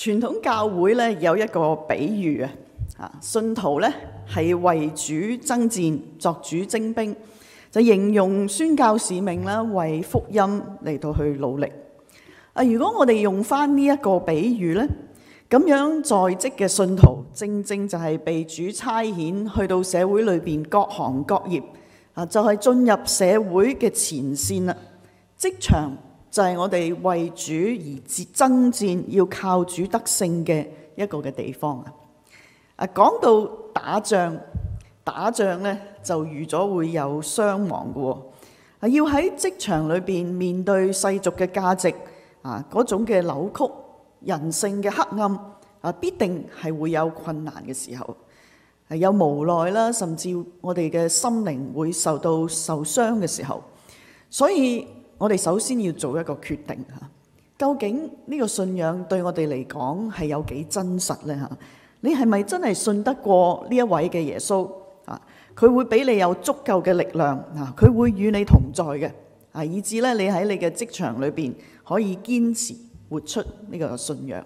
傳統教會咧有一個比喻啊，信徒咧係為主爭戰，作主精兵，就形容宣教使命啦，為福音嚟到去努力。啊，如果我哋用返呢一個比喻咧，咁樣在職嘅信徒正正就係被主差遣去到社會裏邊各行各業，啊，就係、是、進入社會嘅前線啦，職場。就係、是、我哋為主而爭戰，要靠主得勝嘅一個嘅地方啊！啊，講到打仗，打仗呢就預咗會有傷亡噶。啊，要喺職場裏邊面，面對世俗嘅價值啊，嗰種嘅扭曲人性嘅黑暗啊，必定係會有困難嘅時候，係、啊、有無奈啦、啊，甚至我哋嘅心靈會受到受傷嘅時候，所以。我哋首先要做一個決定嚇，究竟呢個信仰對我哋嚟講係有幾真實呢？嚇？你係咪真係信得過呢一位嘅耶穌啊？佢會俾你有足夠嘅力量啊！佢會與你同在嘅啊，以至咧你喺你嘅職場裏邊可以堅持活出呢個信仰。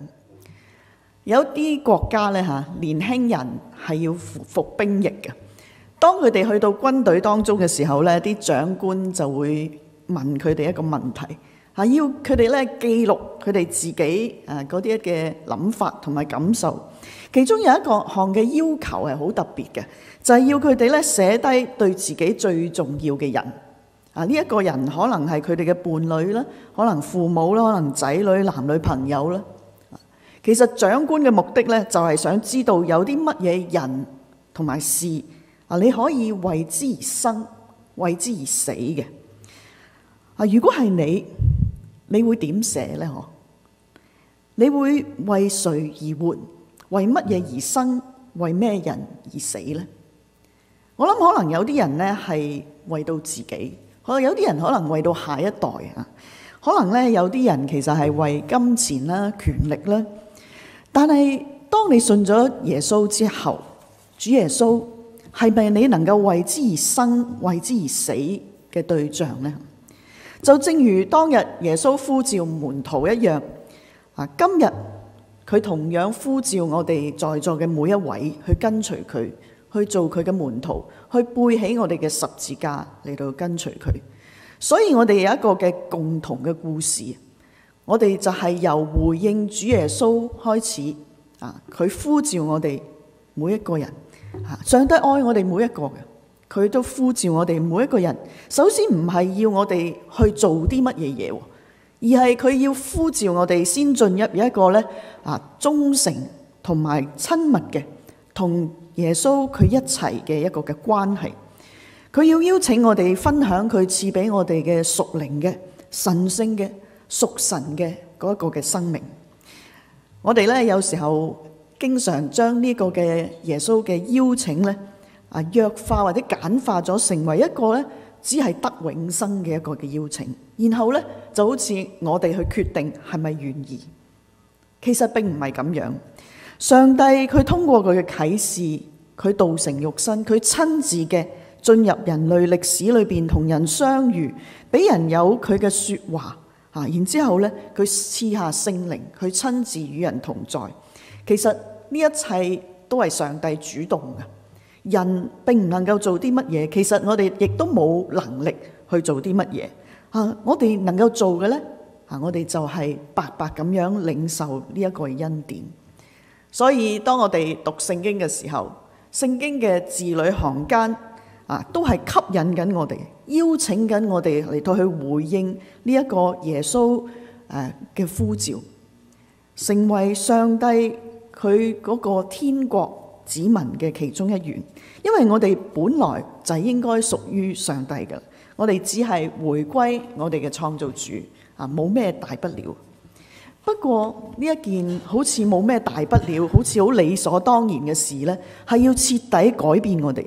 有啲國家咧嚇，年輕人係要服兵役嘅。當佢哋去到軍隊當中嘅時候咧，啲長官就會，問佢哋一個問題嚇，要佢哋咧記錄佢哋自己誒嗰啲嘅諗法同埋感受。其中有一個項嘅要求係好特別嘅，就係、是、要佢哋咧寫低對自己最重要嘅人啊。呢、這、一個人可能係佢哋嘅伴侶啦，可能父母啦，可能仔女、男女朋友啦。其實長官嘅目的咧，就係想知道有啲乜嘢人同埋事啊，你可以為之而生，為之而死嘅。如果係你，你會點寫呢？嗬，你會為誰而活？為乜嘢而生？為咩人而死呢？我諗可能有啲人呢係為到自己，有些人可能為，可能有啲人可能為到下一代啊。可能咧有啲人其實係為金錢啦、權力啦。但係當你信咗耶穌之後，主耶穌係咪你能夠為之而生、為之而死嘅對象呢？」就正如當日耶穌呼召門徒一樣，啊，今日佢同樣呼召我哋在座嘅每一位去跟隨佢，去做佢嘅門徒，去背起我哋嘅十字架嚟到跟隨佢。所以我哋有一個嘅共同嘅故事，我哋就係由回應主耶穌開始，啊，佢呼召我哋每一個人，上帝愛我哋每一個人。佢都呼召我哋每一個人，首先唔係要我哋去做啲乜嘢嘢，而係佢要呼召我哋先進入一個咧啊，忠誠同埋親密嘅，同耶穌佢一齊嘅一個嘅關係。佢要邀請我哋分享佢賜俾我哋嘅屬靈嘅神聖嘅屬神嘅嗰一個嘅生命。我哋咧有時候經常將呢個嘅耶穌嘅邀請咧。啊，弱化或者簡化咗，成為一個咧，只係得永生嘅一個嘅邀請。然後咧，就好似我哋去決定係咪願意。其實並唔係咁樣。上帝佢通過佢嘅啟示，佢道成肉身，佢親自嘅進入人類歷史裏邊同人相遇，俾人有佢嘅說話啊。然之後咧，佢賜下聖靈，佢親自與人同在。其實呢一切都係上帝主動嘅。人並唔能夠做啲乜嘢，其實我哋亦都冇能力去做啲乜嘢。啊，我哋能夠做嘅呢，啊，我哋就係白白咁樣領受呢一個恩典。所以當我哋讀聖經嘅時候，聖經嘅字裏行間啊，都係吸引緊我哋，邀請緊我哋嚟到去回應呢一個耶穌誒嘅呼召，成為上帝佢嗰個天國。子民嘅其中一員，因為我哋本來就應該屬於上帝㗎，我哋只係回歸我哋嘅創造主啊，冇咩大不了。不過呢一件好似冇咩大不了，好似好理所當然嘅事呢，係要徹底改變我哋，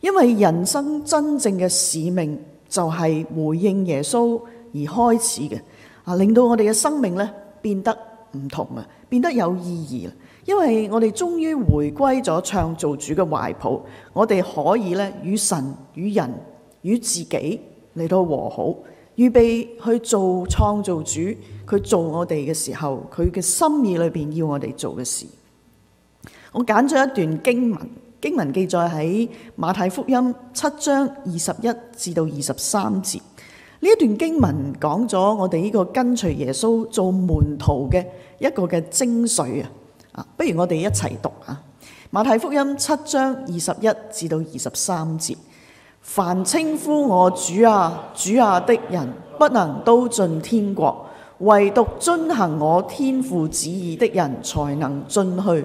因為人生真正嘅使命就係回應耶穌而開始嘅啊，令到我哋嘅生命呢，變得唔同啊，變得有意義。因為我哋終於回歸咗創造主嘅懷抱，我哋可以咧與神、與人、與自己嚟到和好，預備去做創造主。佢做我哋嘅時候，佢嘅心意裏面要我哋做嘅事。我揀咗一段經文，經文記載喺馬太福音七章二十一至到二十三節。呢一段經文講咗我哋呢個跟隨耶穌做門徒嘅一個嘅精髓啊！啊、不如我哋一齊讀啊，《馬太福音》七章二十一至到二十三節：凡稱呼我主啊、主啊的人，不能都進天國，唯獨遵行我天父旨意的人，才能進去。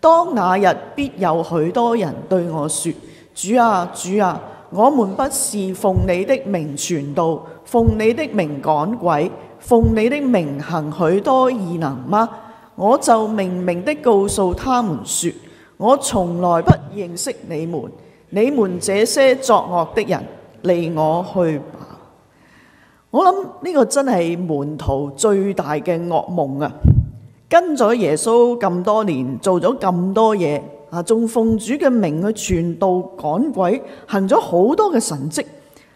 當那日，必有許多人對我説：主啊、主啊，我們不是奉你的名傳道，奉你的名趕鬼，奉你的名行許多異能嗎？我就明明地告訴他們說，我從來不認識你們，你們這些作惡的人，離我去吧。我諗呢個真係門徒最大嘅噩夢啊！跟咗耶穌咁多年，做咗咁多嘢啊，仲奉主嘅名去傳道、趕鬼、行咗好多嘅神蹟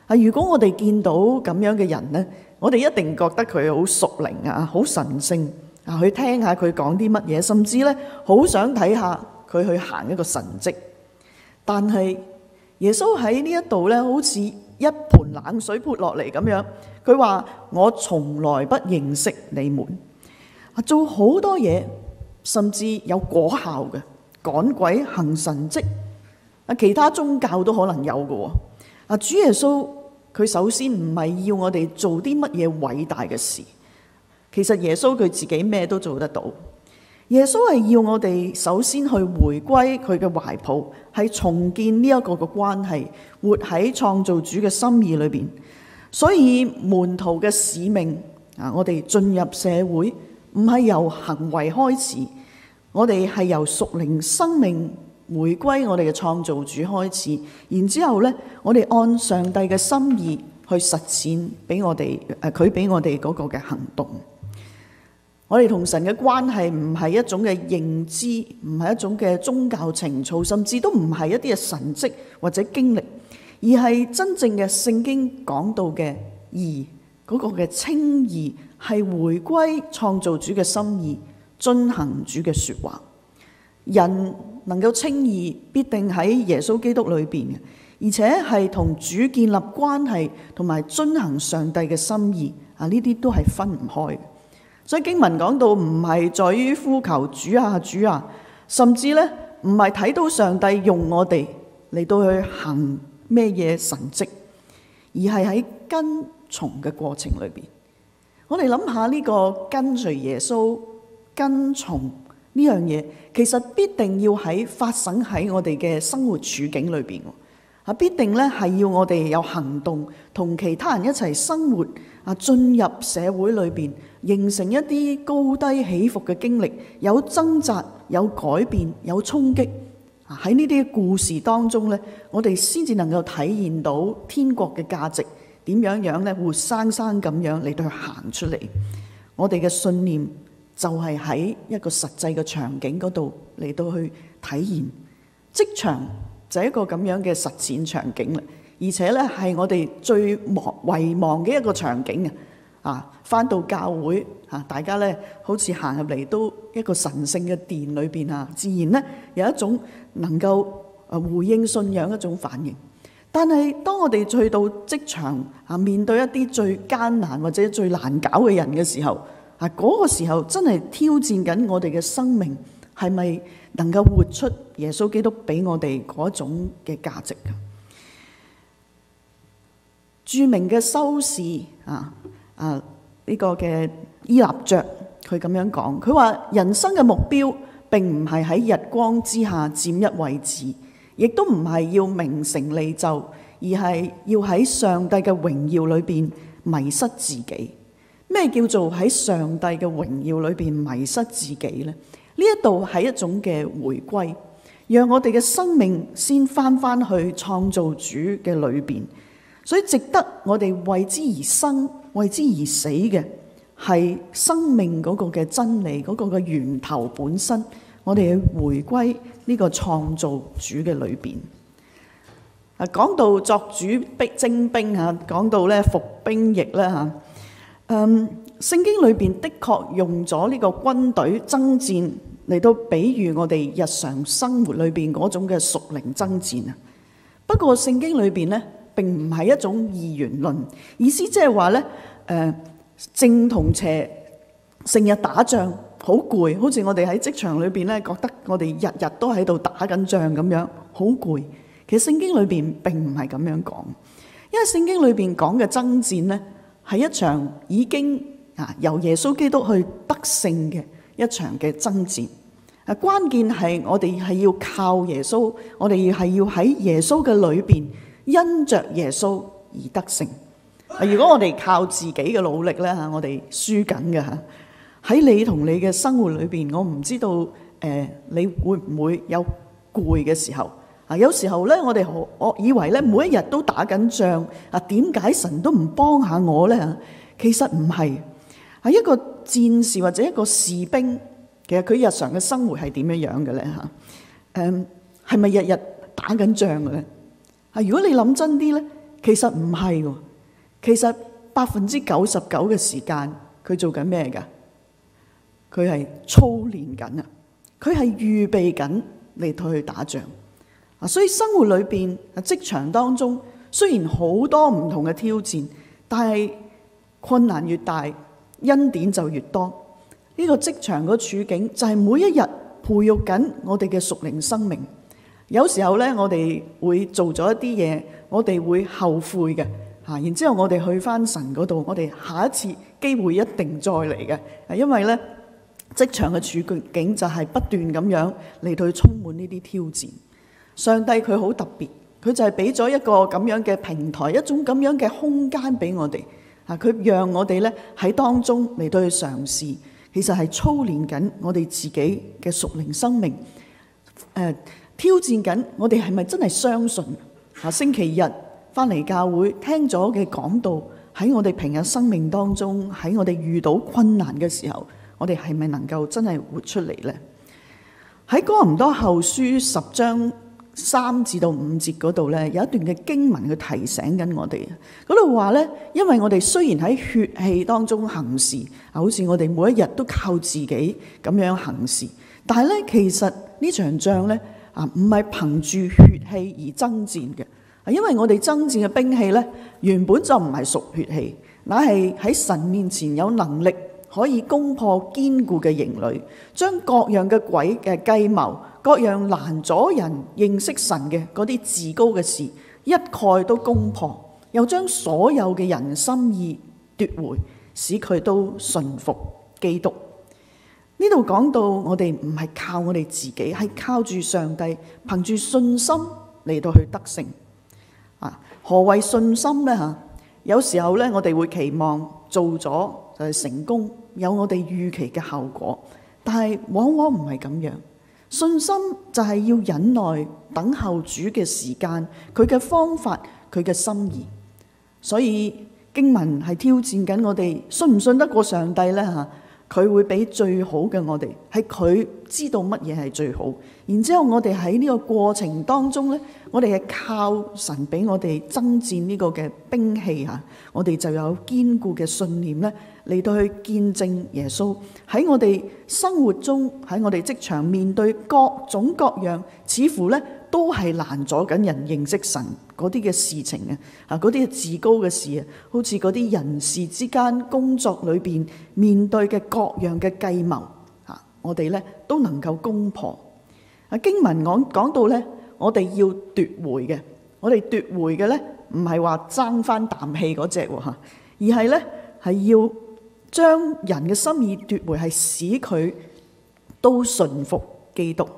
啊！如果我哋見到咁樣嘅人呢，我哋一定覺得佢好屬靈啊，好神聖。啊！去聽下佢講啲乜嘢，甚至咧好想睇下佢去行一個神蹟。但係耶穌喺呢一度咧，好似一盆冷水潑落嚟咁樣。佢話我從來不認識你們。做好多嘢，甚至有果效嘅趕鬼行神蹟。啊，其他宗教都可能有㗎。主耶穌佢首先唔係要我哋做啲乜嘢偉大嘅事。其實耶穌佢自己咩都做得到。耶穌係要我哋首先去回歸佢嘅懷抱，係重建呢一個嘅關係，活喺創造主嘅心意裏邊。所以門徒嘅使命啊，我哋進入社會唔係由行為開始，我哋係由屬靈生命回歸我哋嘅創造主開始，然之後呢，我哋按上帝嘅心意去實踐，俾我哋誒佢俾我哋嗰個嘅行動。我哋同神嘅關係唔係一種嘅認知，唔係一種嘅宗教情操，甚至都唔係一啲嘅神蹟或者經歷，而係真正嘅聖經講到嘅義嗰個嘅稱義，係回歸創造主嘅心意，遵行主嘅說話。人能夠稱義，必定喺耶穌基督裏邊嘅，而且係同主建立關係，同埋遵行上帝嘅心意啊！呢啲都係分唔開。所以經文講到唔係在於呼求主啊主啊，甚至呢唔係睇到上帝用我哋嚟到去行咩嘢神蹟，而係喺跟從嘅過程裏面。我哋諗下呢個跟隨耶穌，跟從呢樣嘢，其實必定要喺發生喺我哋嘅生活處境裏面喎。啊，必定呢係要我哋有行動，同其他人一齊生活啊，進入社會裏面。形成一啲高低起伏嘅經歷，有掙扎，有改變，有衝擊。喺呢啲故事當中呢，我哋先至能夠體驗到天國嘅價值點樣樣呢？活生生咁樣嚟到去行出嚟。我哋嘅信念就係喺一個實際嘅場景嗰度嚟到去體驗。職場就係一個咁樣嘅實踐場景啦，而且呢係我哋最遺忘遺忘嘅一個場景啊！啊～翻到教會，嚇大家咧，好似行入嚟都一個神聖嘅殿裏邊啊，自然咧有一種能夠誒回應信仰嘅一種反應。但係當我哋去到職場啊，面對一啲最艱難或者最難搞嘅人嘅時候，啊、那、嗰個時候真係挑戰緊我哋嘅生命，係咪能夠活出耶穌基督俾我哋嗰種嘅價值？著名嘅修士啊啊！呢、這個嘅伊納爵，佢咁樣講，佢話人生嘅目標並唔係喺日光之下佔一位置，亦都唔係要名成利就，而係要喺上帝嘅榮耀裏邊迷失自己。咩叫做喺上帝嘅榮耀裏邊迷失自己呢？呢一度係一種嘅回歸，讓我哋嘅生命先返返去創造主嘅裏邊，所以值得我哋為之而生。為之而死嘅，係生命嗰個嘅真理，嗰、嗰個嘅源頭本身，我哋去回歸呢個創造主嘅裏邊。啊，講到作主逼徵兵啊，講到咧服兵役咧吓、啊，嗯，聖經裏邊的確用咗呢個軍隊征戰嚟到比喻我哋日常生活裏邊嗰種嘅屬靈征戰啊。不過聖經裏邊呢，並唔係一種二元論，意思即係話呢。誒，正同邪成日打仗，好攰，好似我哋喺職場裏邊咧，覺得我哋日日都喺度打緊仗咁樣，好攰。其實聖經裏邊並唔係咁樣講，因為聖經裏邊講嘅爭戰呢，係一場已經啊由耶穌基督去得勝嘅一場嘅爭戰。啊，關鍵係我哋係要靠耶穌，我哋係要喺耶穌嘅裏邊，因着耶穌而得勝。如果我哋靠自己嘅努力咧，嚇我哋輸緊嘅嚇。喺你同你嘅生活裏邊，我唔知道誒、呃，你會唔會有攰嘅時候？啊，有時候咧，我哋我以為咧，每一日都打緊仗。啊，點解神都唔幫下我咧？其實唔係。係一個戰士或者一個士兵，其實佢日常嘅生活係點樣樣嘅咧？嚇、呃，誒係咪日日打緊仗嘅咧？啊，如果你諗真啲咧，其實唔係喎。其實百分之九十九嘅時間，佢做緊咩噶？佢係操練緊啊！佢係預備緊你去打仗啊！所以生活裏邊啊，職場當中雖然好多唔同嘅挑戰，但係困難越大，恩典就越多。呢個職場嘅處境就係每一日培育緊我哋嘅屬靈生命。有時候呢，我哋會做咗一啲嘢，我哋會後悔嘅。嚇！然之後我哋去返神嗰度，我哋下一次機會一定再嚟嘅。因為呢，職場嘅處境就係不斷咁樣嚟到去充滿呢啲挑戰。上帝佢好特別，佢就係俾咗一個咁樣嘅平台，一種咁樣嘅空間俾我哋。嚇！佢讓我哋呢，喺當中嚟到去嘗試，其實係操練緊我哋自己嘅屬靈生命。誒、呃，挑戰緊我哋係咪真係相信？下星期日。翻嚟教會聽咗嘅講道，喺我哋平日生命當中，喺我哋遇到困難嘅時候，我哋係咪能夠真係活出嚟呢？喺哥林多後書十章三至到五節嗰度呢，有一段嘅經文去提醒緊我哋。嗰度話呢，因為我哋雖然喺血氣當中行事，啊，好似我哋每一日都靠自己咁樣行事，但係呢，其實呢場仗呢，啊，唔係憑住血氣而爭戰嘅。因為我哋爭戰嘅兵器呢，原本就唔係屬血氣，乃係喺神面前有能力可以攻破堅固嘅營壘，將各樣嘅鬼嘅計謀、各樣攔阻人認識神嘅嗰啲自高嘅事，一概都攻破，又將所有嘅人心意奪回，使佢都順服基督。呢度講到我哋唔係靠我哋自己，係靠住上帝，憑住信心嚟到去得勝。何為信心呢？嚇，有時候呢，我哋會期望做咗就係成功，有我哋預期嘅效果，但係往往唔係咁樣。信心就係要忍耐，等候主嘅時間，佢嘅方法，佢嘅心意。所以經文係挑戰緊我哋，信唔信得過上帝呢？嚇，佢會俾最好嘅我哋，係佢知道乜嘢係最好。然之後，我哋喺呢個過程當中呢，我哋係靠神俾我哋爭戰呢個嘅兵器啊，我哋就有堅固嘅信念呢，嚟到去見證耶穌喺我哋生活中喺我哋職場面對各種各樣，似乎呢都係攔阻緊人認識神嗰啲嘅事情啊，啊嗰啲嘅自高嘅事啊，好似嗰啲人事之間工作裏邊面面對嘅各樣嘅計謀，我哋呢都能夠攻破。啊經文講講到呢，我哋要奪回嘅，我哋奪回嘅呢，唔係話爭翻啖氣嗰隻喎吓，而係呢，係要將人嘅心意奪回，係使佢都順服基督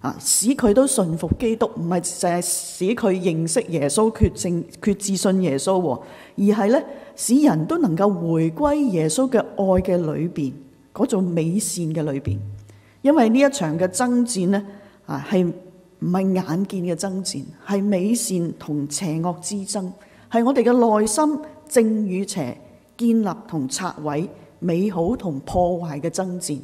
啊，使佢都順服基督，唔係淨係使佢認識耶穌、決定、決志信耶穌，啊、而係呢，使人都能夠回歸耶穌嘅愛嘅裏邊，嗰種美善嘅裏邊。因為呢一場嘅爭戰呢，啊，係唔係眼見嘅爭戰？係美善同邪惡之爭，係我哋嘅內心正與邪建立同拆毀、美好同破壞嘅爭戰。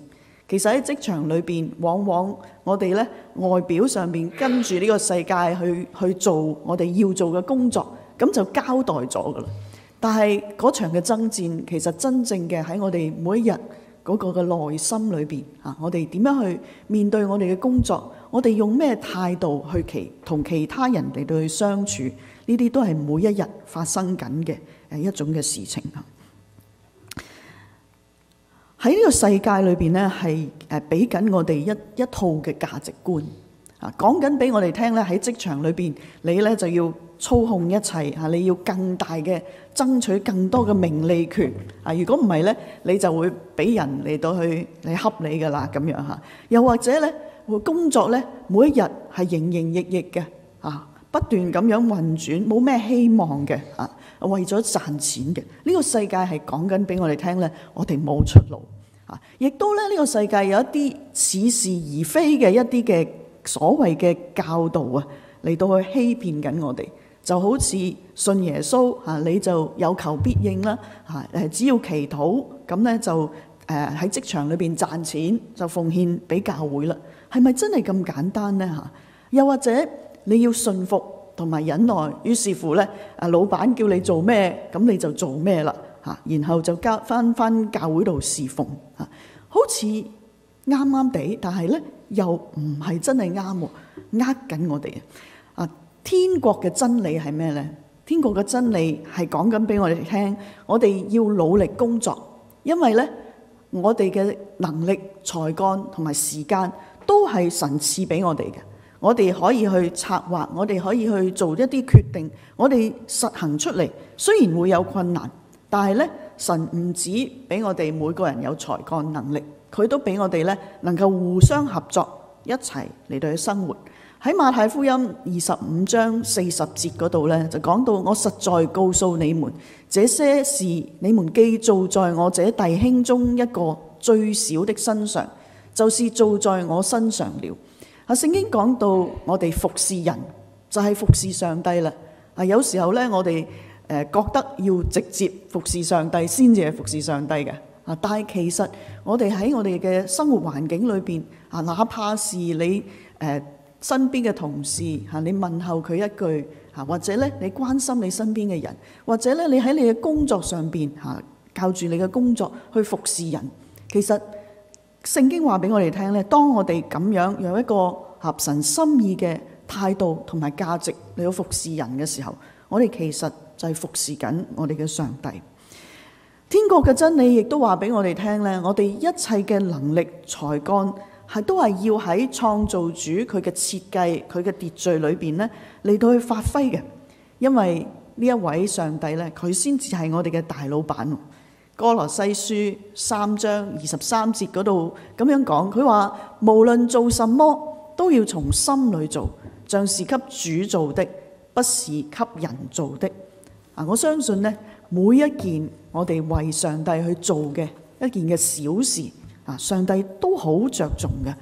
其實喺職場裏邊，往往我哋呢外表上面跟住呢個世界去去做我哋要做嘅工作，咁就交代咗㗎喇。但係嗰場嘅爭戰，其實真正嘅喺我哋每一日。嗰個嘅內心裏面，我哋點樣去面對我哋嘅工作？我哋用咩態度去其同其他人哋到去相處？呢啲都係每一日發生緊嘅一種嘅事情啊！喺呢個世界裏面，呢係誒俾緊我哋一一套嘅價值觀啊，講緊俾我哋聽咧，喺職場裏面，你咧就要操控一切，你要更大嘅。爭取更多嘅名利權啊！如果唔係呢，你就會俾人嚟到去你恰你噶啦咁樣嚇。又或者咧，工作呢，每一日係營營役役嘅，不斷咁樣運轉，冇咩希望嘅啊，為咗賺錢嘅，呢個世界係講緊俾我哋聽呢，我哋冇出路啊！亦都咧，呢個世界有一啲似是而非嘅一啲嘅所謂嘅教導啊，嚟到去欺騙緊我哋。就好似信耶穌嚇你就有求必應啦嚇只要祈禱咁咧就喺職場裏邊賺錢就奉獻俾教會啦，係咪真係咁簡單呢？又或者你要信服同埋忍耐，於是乎咧啊老闆叫你做咩咁你就做咩啦嚇然後就返翻翻教會度侍奉嚇好似啱啱地，但係咧又唔係真係啱喎，呃緊我哋啊。天國嘅真理係咩呢？天國嘅真理係講緊俾我哋聽，我哋要努力工作，因為呢，我哋嘅能力、才幹同埋時間都係神賜俾我哋嘅。我哋可以去策劃，我哋可以去做一啲決定，我哋實行出嚟。雖然會有困難，但係呢，神唔止俾我哋每個人有才幹能力，佢都俾我哋呢能夠互相合作，一齊嚟到去生活。喺馬太福音二十五章四十節嗰度呢，就講到，我實在告訴你們，這些事你們既做在我這弟兄中一個最小的身上，就是做在我身上了。啊，聖經講到我哋服侍人就係、是、服侍上帝啦。啊，有時候呢，我哋覺得要直接服侍上帝先至係服侍上帝嘅啊，但係其實我哋喺我哋嘅生活環境裏邊啊，哪怕是你誒。呃身邊嘅同事嚇，你問候佢一句嚇，或者咧你關心你身邊嘅人，或者咧你喺你嘅工作上邊嚇，靠住你嘅工作去服侍人。其實聖經話俾我哋聽咧，當我哋咁樣有一個合神心意嘅態度同埋價值嚟到服侍人嘅時候，我哋其實就係服侍緊我哋嘅上帝。天國嘅真理亦都話俾我哋聽咧，我哋一切嘅能力才幹。係都係要喺創造主佢嘅設計、佢嘅秩序裏邊呢嚟到去發揮嘅，因為呢一位上帝呢，佢先至係我哋嘅大老闆。哥羅西書三章二十三節嗰度咁樣講，佢話無論做什麼都要從心裡做，像是給主做的，不是給人做的。啊，我相信呢，每一件我哋為上帝去做嘅一件嘅小事。上帝都好着重嘅，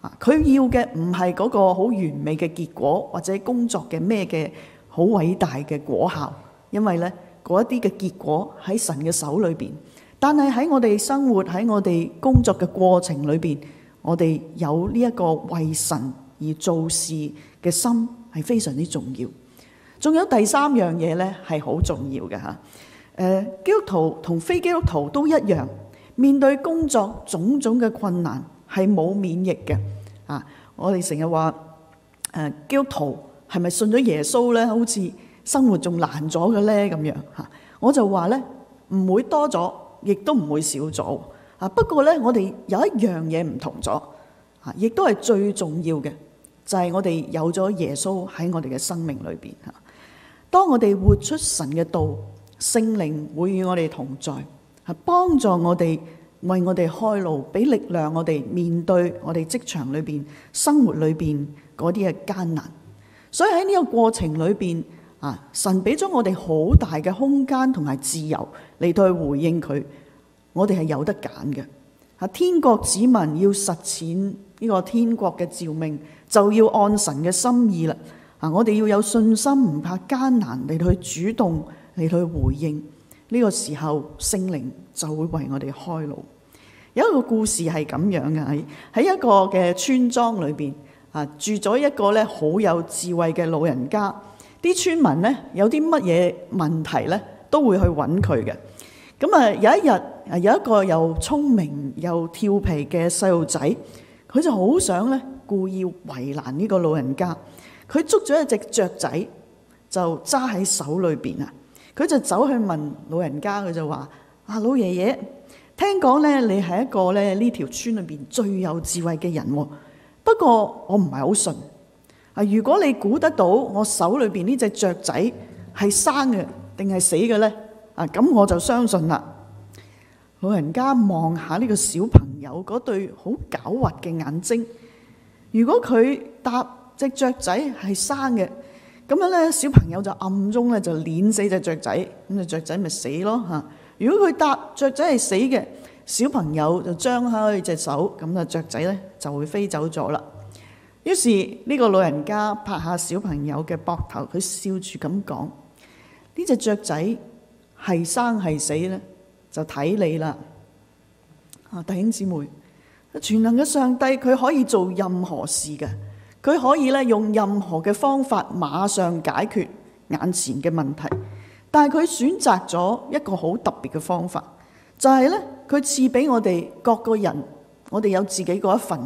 啊，佢要嘅唔係嗰個好完美嘅結果或者工作嘅咩嘅好偉大嘅果效，因為呢嗰一啲嘅結果喺神嘅手裏邊。但係喺我哋生活喺我哋工作嘅過程裏邊，我哋有呢一個為神而做事嘅心係非常之重要。仲有第三樣嘢呢係好重要嘅吓，誒，基督徒同非基督徒都一樣。面對工作種種嘅困難，係冇免疫嘅啊！我哋成日話誒，基督徒係咪信咗耶穌呢？好似生活仲難咗嘅呢。咁樣吓，我就話呢：「唔會多咗，亦都唔會少咗啊！不過呢，我哋有一樣嘢唔同咗啊，亦都係最重要嘅，就係我哋有咗耶穌喺我哋嘅生命裏邊吓。當我哋活出神嘅道，聖靈會與我哋同在。係幫助我哋，為我哋開路，俾力量我哋面對我哋職場裏邊、生活裏邊嗰啲嘅艱難。所以喺呢個過程裏邊，啊，神俾咗我哋好大嘅空間同埋自由嚟到去回應佢。我哋係有得揀嘅。啊，天國子民要實踐呢個天國嘅召命，就要按神嘅心意啦。啊，我哋要有信心，唔怕艱難，嚟到去主動嚟到去回應。呢個時候，聖靈就會為我哋開路。有一個故事係咁樣嘅，喺一個嘅村莊裏邊啊，住咗一個咧好有智慧嘅老人家。啲村民呢，有啲乜嘢問題呢，都會去揾佢嘅。咁啊，有一日啊，有一個又聰明又調皮嘅細路仔，佢就好想呢，故意為難呢個老人家。佢捉咗一隻雀仔就揸喺手裏邊啊！佢就走去問老人家，佢就話：啊，老爺爺，聽講咧，你係一個咧呢條村裏邊最有智慧嘅人喎。不過我唔係好信。啊，如果你估得到我手裏邊呢隻雀仔係生嘅定係死嘅呢，啊咁我就相信啦。老人家望下呢個小朋友嗰對好狡猾嘅眼睛，如果佢答隻雀仔係生嘅。咁樣咧，小朋友就暗中咧就捏死隻雀仔，咁隻雀仔咪死咯嚇。如果佢搭雀仔係死嘅，小朋友就張開隻手，咁啊雀仔咧就會飛走咗啦。於是呢個老人家拍下小朋友嘅膊頭，佢笑住咁講：呢隻雀仔係生係死咧，就睇你啦。啊，弟兄姊妹，全能嘅上帝佢可以做任何事嘅。佢可以咧用任何嘅方法馬上解決眼前嘅問題，但係佢選擇咗一個好特別嘅方法，就係咧佢賜俾我哋各個人，我哋有自己嗰一份，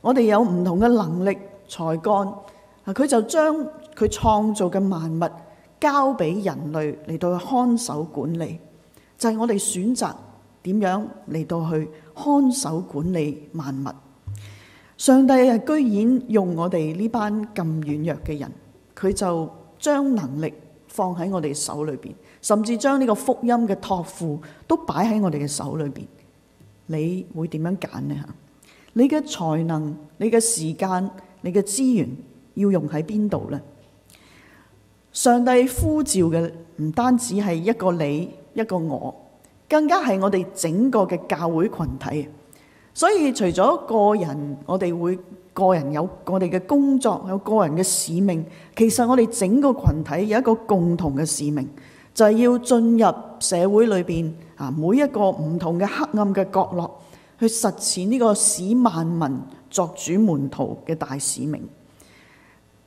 我哋有唔同嘅能力才幹，佢就將佢創造嘅萬物交俾人類嚟到看守管理，就係我哋選擇點樣嚟到去看守管理萬物。上帝啊，居然用我哋呢班咁軟弱嘅人，佢就將能力放喺我哋手裏邊，甚至將呢個福音嘅託付都擺喺我哋嘅手裏邊。你會點樣揀呢吓？你嘅才能、你嘅時間、你嘅資源要用喺邊度呢？上帝呼召嘅唔單止係一個你一個我，更加係我哋整個嘅教會群體。所以除咗個人，我哋會個人有我哋嘅工作，有個人嘅使命。其實我哋整個群體有一個共同嘅使命，就係要進入社會裏邊啊，每一個唔同嘅黑暗嘅角落，去實踐呢個使萬民作主門徒嘅大使命。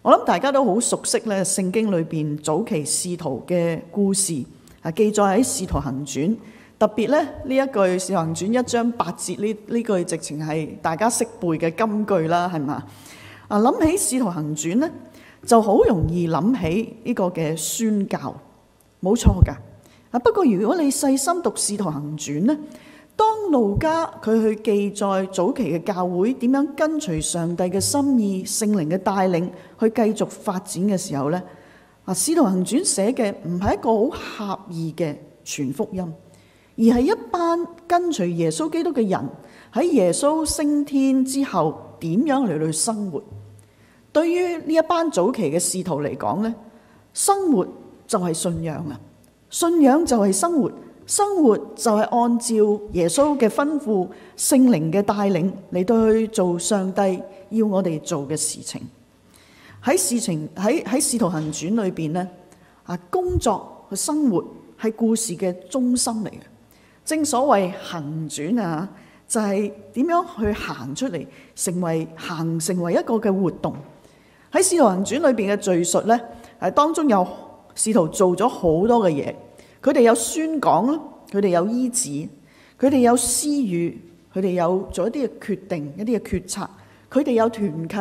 我諗大家都好熟悉咧，聖經裏邊早期使徒嘅故事啊，記載喺《使徒行傳》。特別咧，呢一句《使徒行傳》一章八節，呢呢句直情係大家識背嘅金句啦，係嘛？啊，諗起《使徒行傳》呢，就好容易諗起呢個嘅宣教，冇錯㗎。啊，不過如果你細心讀《使徒行傳》呢，當路加佢去記載早期嘅教會點樣跟隨上帝嘅心意、聖靈嘅帶領去繼續發展嘅時候呢，啊，《使徒行傳》寫嘅唔係一個好狹義嘅全福音。而係一班跟隨耶穌基督嘅人喺耶穌升天之後點樣嚟到去生活？對於呢一班早期嘅使徒嚟講呢，生活就係信仰啊！信仰就係生活，生活就係按照耶穌嘅吩咐，聖靈嘅帶領嚟到去做上帝要我哋做嘅事情。喺事情喺喺使徒行傳裏邊咧，啊，工作去生活係故事嘅中心嚟嘅。正所謂行傳啊，就係點樣去行出嚟，成為行成為一個嘅活動。喺《使徒行傳》裏邊嘅敘述呢，係當中有使徒做咗好多嘅嘢。佢哋有宣講，佢哋有醫治，佢哋有私語，佢哋有做一啲嘅決定、一啲嘅決策。佢哋有團契，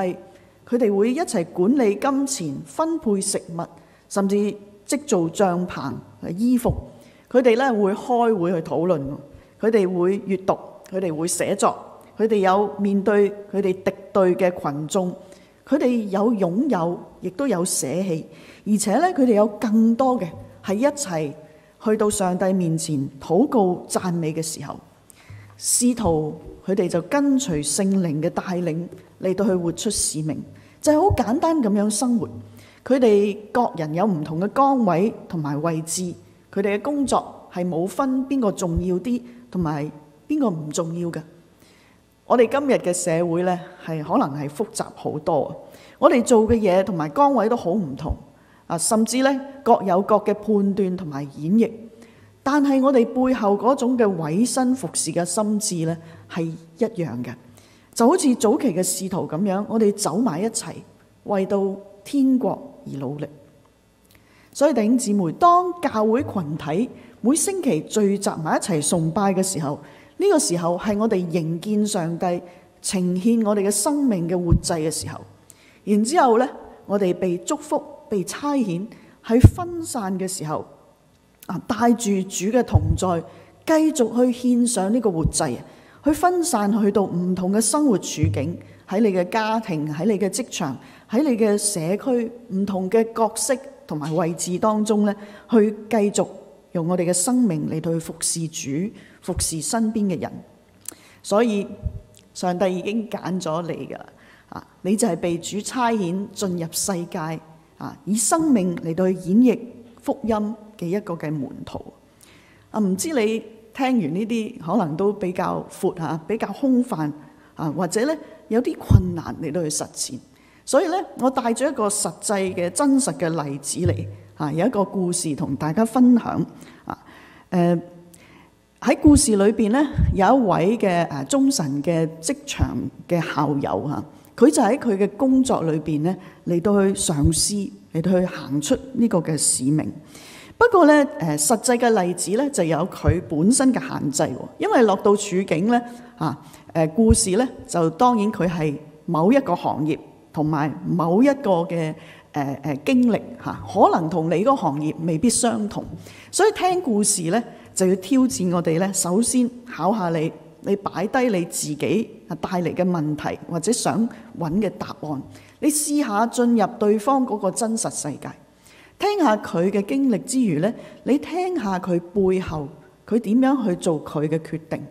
佢哋會一齊管理金錢、分配食物，甚至即做帳篷、衣服。佢哋咧會開會去討論，佢哋會閱讀，佢哋會寫作，佢哋有面對佢哋敵對嘅群眾，佢哋有擁有，亦都有捨棄，而且咧佢哋有更多嘅係一齊去到上帝面前禱告讚美嘅時候，試圖佢哋就跟隨聖靈嘅帶領嚟到去活出使命，就係好簡單咁樣生活。佢哋各人有唔同嘅崗位同埋位置。佢哋嘅工作係冇分邊個重要啲，同埋邊個唔重要嘅。我哋今日嘅社會呢，係可能係複雜好多。我哋做嘅嘢同埋崗位都好唔同啊，甚至呢各有各嘅判斷同埋演繹。但係我哋背後嗰種嘅委身服侍嘅心志呢，係一樣嘅，就好似早期嘅使徒咁樣，我哋走埋一齊為到天國而努力。所以弟兄姊妹，當教會群體每星期聚集埋一齊崇拜嘅時候，呢個時候係我哋迎見上帝，呈獻我哋嘅生命嘅活祭嘅時候。然之後呢，我哋被祝福，被差遣喺分散嘅時候啊，帶住主嘅同在，繼續去獻上呢個活祭，去分散去到唔同嘅生活處境，喺你嘅家庭，喺你嘅職場，喺你嘅社區，唔同嘅角色。同埋位置當中咧，去繼續用我哋嘅生命嚟到去服侍主、服侍身邊嘅人。所以上帝已經揀咗你噶，啊，你就係被主差遣進入世界啊，以生命嚟到去演繹福音嘅一個嘅門徒。啊，唔知你聽完呢啲，可能都比較闊吓，比較空泛啊，或者咧有啲困難嚟到去實踐。所以咧，我帶咗一個實際嘅真實嘅例子嚟嚇，有一個故事同大家分享啊。誒、呃、喺故事裏邊咧，有一位嘅誒中神嘅職場嘅校友嚇，佢就喺佢嘅工作裏邊咧嚟到去嘗試嚟到去行出呢個嘅使命。不過咧，誒實際嘅例子咧就有佢本身嘅限制喎，因為落到處境咧嚇誒故事咧就當然佢係某一個行業。同埋某一個嘅、呃呃、經歷吓可能同你個行業未必相同，所以聽故事呢，就要挑戰我哋呢。首先考下你，你擺低你自己啊帶嚟嘅問題或者想揾嘅答案，你試下進入對方嗰個真實世界，聽下佢嘅經歷之餘呢，你聽下佢背後佢點樣去做佢嘅決定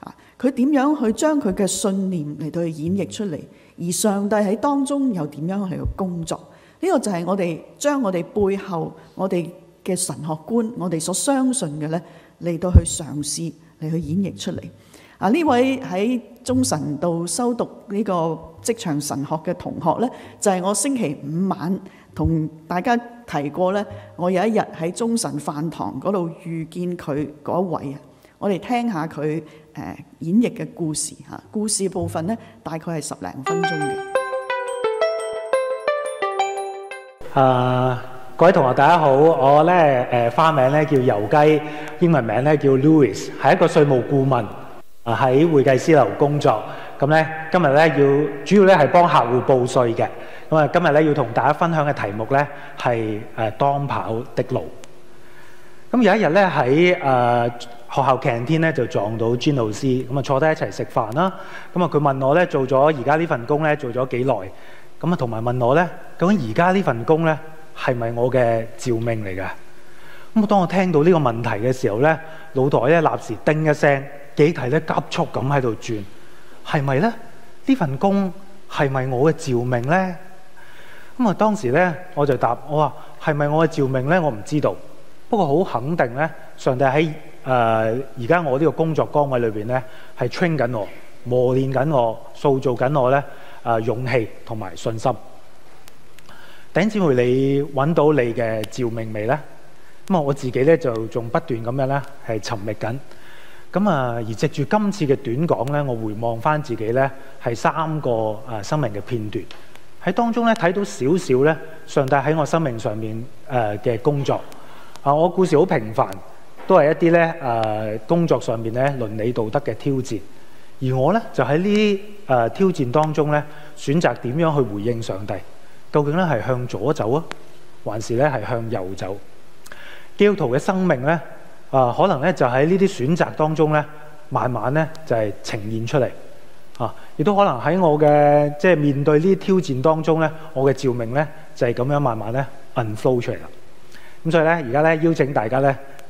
啊？佢點樣去將佢嘅信念嚟到去演繹出嚟？而上帝喺當中又點樣去工作？呢個就係我哋將我哋背後我哋嘅神學觀，我哋所相信嘅呢嚟到去嘗試嚟去演繹出嚟。啊，呢位喺中神度修讀呢個職場神學嘅同學呢，就係我星期五晚同大家提過呢：「我有一日喺中神飯堂嗰度遇見佢嗰位啊，我哋聽下佢。誒演繹嘅故事嚇，故事部分呢大概係十零分鐘嘅。啊，各位同學大家好，我呢誒花名呢叫油雞，英文名呢叫 Louis，係一個稅務顧問啊，喺會計師樓工作。咁呢今日呢要主要呢係幫客戶報稅嘅。咁啊，今日呢要同大家分享嘅題目呢係誒當跑的路。咁有一日呢喺誒。學校 canteen 咧就撞到 Jan 老師，咁啊坐低一齊食飯啦。咁啊佢問我咧做咗而家呢份工咧做咗幾耐？咁啊同埋問我咧，究竟而家呢份工咧係咪我嘅召命嚟㗎？咁我當我聽到呢個問題嘅時候咧，腦袋咧立時叮一聲，幾題咧急速咁喺度轉，係咪咧？呢份工係咪我嘅召命咧？咁啊當時咧我就答我話係咪我嘅召命咧？我唔知道，不過好肯定咧，上帝喺。誒、呃，而家我呢個工作崗位裏邊咧，係 train 緊我，磨練緊我，塑造緊我咧。誒、呃，勇氣同埋信心。頂姊妹，你揾到你嘅召命未咧？咁啊，我自己咧就仲不斷咁樣咧係尋覓緊。咁啊、呃，而藉住今次嘅短講咧，我回望翻自己咧係三個誒生命嘅片段，喺當中咧睇到少少咧，上帝喺我生命上面誒嘅、呃、工作啊、呃，我故事好平凡。都係一啲咧，誒、呃、工作上面咧倫理道德嘅挑戰。而我咧就喺呢啲挑戰當中咧，選擇點樣去回應上帝？究竟咧係向左走啊，還是咧係向右走？基督徒嘅生命咧，啊、呃、可能咧就喺呢啲選擇當中咧，慢慢咧就係、是、呈現出嚟啊，亦、啊、都可能喺我嘅即係面對呢啲挑戰當中咧，我嘅召命咧就係、是、咁樣慢慢咧 unfold 出嚟啦。咁所以咧，而家咧邀請大家咧。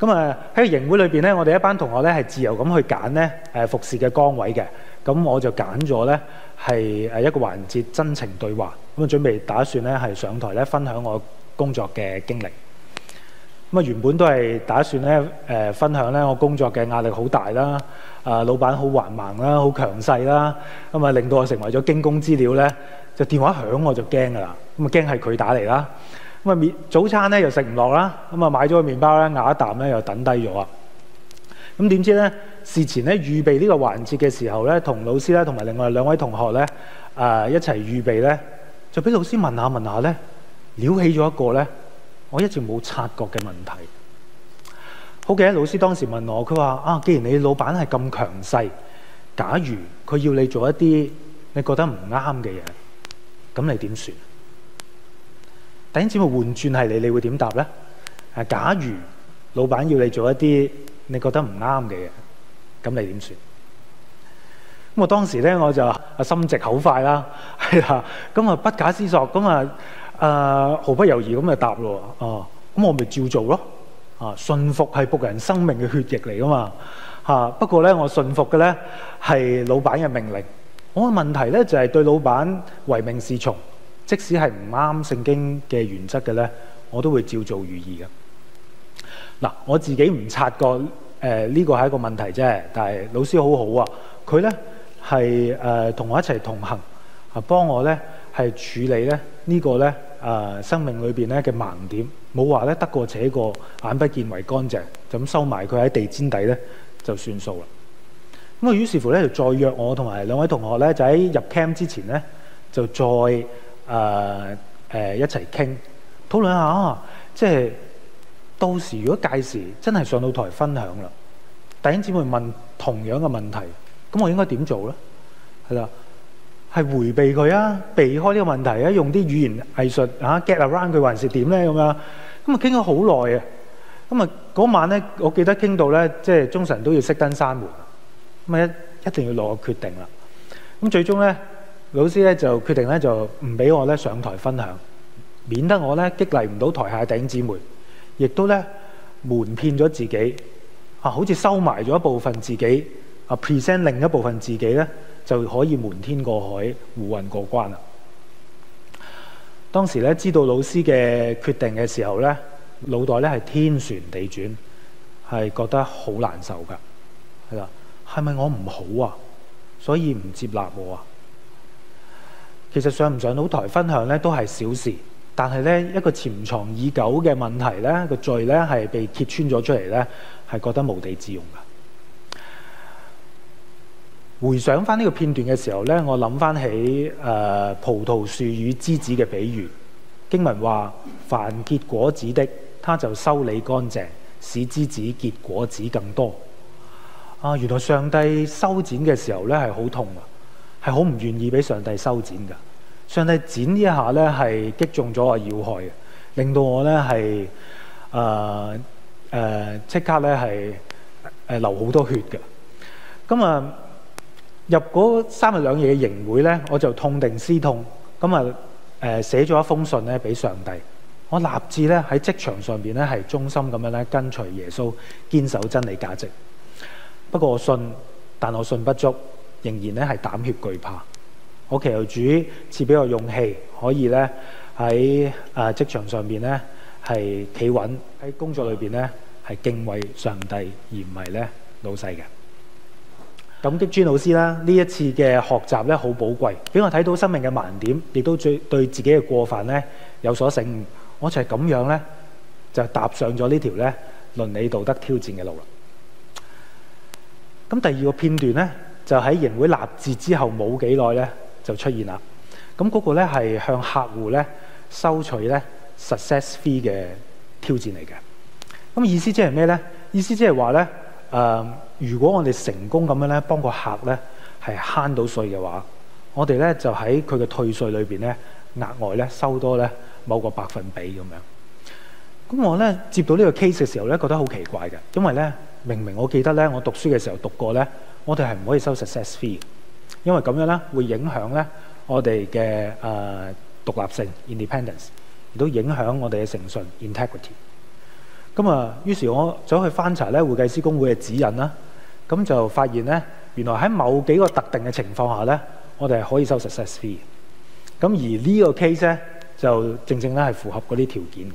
咁啊喺個營會裏邊咧，我哋一班同學咧係自由咁去揀咧誒服侍嘅崗位嘅。咁我就揀咗咧係誒一個環節真情對話。咁啊準備打算咧係上台咧分享我工作嘅經歷。咁啊原本都係打算咧誒分享咧我工作嘅壓力好大啦，啊老闆好橫蠻啦，好強勢啦。咁啊令到我成為咗驚弓之鳥咧，就電話響我就驚㗎喇。咁啊驚係佢打嚟啦。咁啊早餐咧又食唔落啦，咁啊買咗個麵包咧咬一啖咧又等低咗啊！咁點知咧事前咧預備呢個環節嘅時候咧，同老師咧同埋另外兩位同學咧啊、呃、一齊預備咧，就俾老師問下問下咧，撩起咗一個咧我一直冇察覺嘅問題。好記得，老師當時問我，佢話啊，既然你老闆係咁強勢，假如佢要你做一啲你覺得唔啱嘅嘢，咁你點算？第一次咪換轉係你，你會點答咧？啊，假如老闆要你做一啲你覺得唔啱嘅嘢，咁你點算？咁我當時咧我就心直口快啦，係啊，咁啊不假思索，咁啊誒毫不猶豫咁就答咯，啊，咁我咪照做咯，啊，順服係僕人生命嘅血液嚟噶嘛，嚇！不過咧我順服嘅咧係老闆嘅命令，我嘅問題咧就係對老闆唯命是從。即使係唔啱聖經嘅原則嘅呢，我都會照做如儀的。嘅。嗱，我自己唔察覺，誒呢個係一個問題啫。但係老師好好啊，佢呢係誒同我一齊同行，啊幫我呢係處理咧呢個呢啊、呃、生命裏邊咧嘅盲點，冇話咧得過且過，眼不見為乾淨，就咁收埋佢喺地氈底呢，就算數啦。咁啊，於是乎呢，就再約我同埋兩位同學呢，就喺入 camp 之前呢，就再。誒、呃、誒、呃、一齊傾討論一下，啊、即係到時如果屆時真係上到台分享啦，弟兄姊妹問同樣嘅問題，咁我應該點做咧？係啦，係迴避佢啊，避開呢個問題啊，用啲語言藝術嚇、啊、get around 佢還是點咧咁樣？咁啊傾咗好耐啊，咁啊嗰晚咧，我記得傾到咧，即係中神都要熄燈閂門，咁啊一一定要落個決定啦。咁最終咧。老師咧就決定咧就唔俾我咧上台分享，免得我咧激勵唔到台下頂姊妹，亦都咧瞞騙咗自己啊！好似收埋咗一部分自己啊，present 另一部分自己咧就可以瞞天過海、胡混過關啦。當時咧知道老師嘅決定嘅時候咧，腦袋咧係天旋地轉，係覺得好難受㗎。係啊，係咪我唔好啊？所以唔接納我啊？其實上唔上到台分享呢都係小事，但係呢，一個潛藏已久嘅問題呢，個罪係被揭穿咗出嚟呢，係覺得無地自容噶。回想返呢個片段嘅時候呢，我諗返起、呃、葡萄樹與枝子嘅比喻經文話：凡結果子的，他就修理乾淨，使枝子結果子更多。啊，原來上帝修剪嘅時候呢，係好痛的。係好唔願意俾上帝修剪噶，上帝剪呢一下咧，係擊中咗我要害嘅，令到我咧係誒誒即刻咧係誒流好多血嘅。咁啊入嗰三日兩夜嘅營會咧，我就痛定思痛，咁啊誒寫咗一封信咧俾上帝。我立志咧喺職場上邊咧係忠心咁樣咧跟隨耶穌，堅守真理價值。不過我信，但我信不足。仍然咧係膽怯懼怕，我祈求主賜俾我勇氣，可以咧喺啊職場上邊咧係企穩，喺工作裏邊咧係敬畏上帝，而唔係咧老細嘅。感激朱老師啦，呢一次嘅學習咧好寶貴，俾我睇到生命嘅盲點，亦都最對自己嘅過犯咧有所醒悟。我就係咁樣咧，就踏上咗呢條咧倫理道德挑戰嘅路啦。咁第二個片段咧。就喺營會立志之後冇幾耐咧，就出現啦。咁嗰個咧係向客戶咧收取咧 success fee 嘅挑戰嚟嘅。咁意思即係咩咧？意思即係話咧，誒、呃，如果我哋成功咁樣咧，幫個客咧係慳到稅嘅話，我哋咧就喺佢嘅退稅裏邊咧額外咧收多咧某個百分比咁樣。咁我咧接到呢個 case 嘅時候咧，覺得好奇怪嘅，因為咧明明我記得咧我讀書嘅時候讀過咧。我哋係唔可以收 success fee，因為咁樣咧會影響咧我哋嘅誒獨立性 （independence），亦都影響我哋嘅誠信 （integrity）。咁啊，於是我走去翻查咧會計師公會嘅指引啦，咁就發現咧原來喺某幾個特定嘅情況下咧，我哋係可以收 success fee。咁而呢個 case 咧就正正咧係符合嗰啲條件。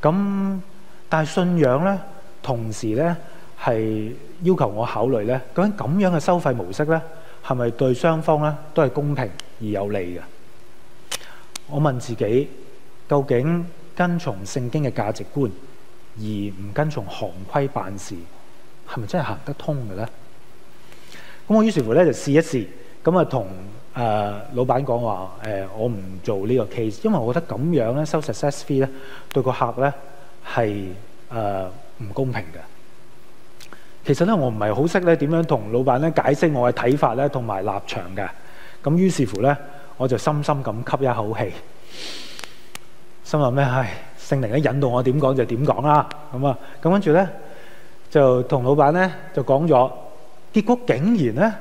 咁但係信仰咧，同時咧。係要求我考慮咧，究竟咁樣嘅收費模式咧，係咪對雙方咧都係公平而有利嘅？我問自己，究竟跟從聖經嘅價值觀而唔跟從行規辦事，係咪真係行得通嘅咧？咁我於是乎咧就試一試，咁啊同誒老闆講話誒，我唔做呢個 case，因為我覺得咁樣咧收 success fee 咧對個客咧係誒唔公平嘅。其實咧，我唔係好識咧點樣同老闆咧解釋我嘅睇法咧，同埋立場嘅。咁於是乎咧，我就深深咁吸一口氣，心諗咩？唉，聖靈咧引導我點講就點講啦。咁啊，咁跟住咧就同老闆咧就講咗，結果竟然咧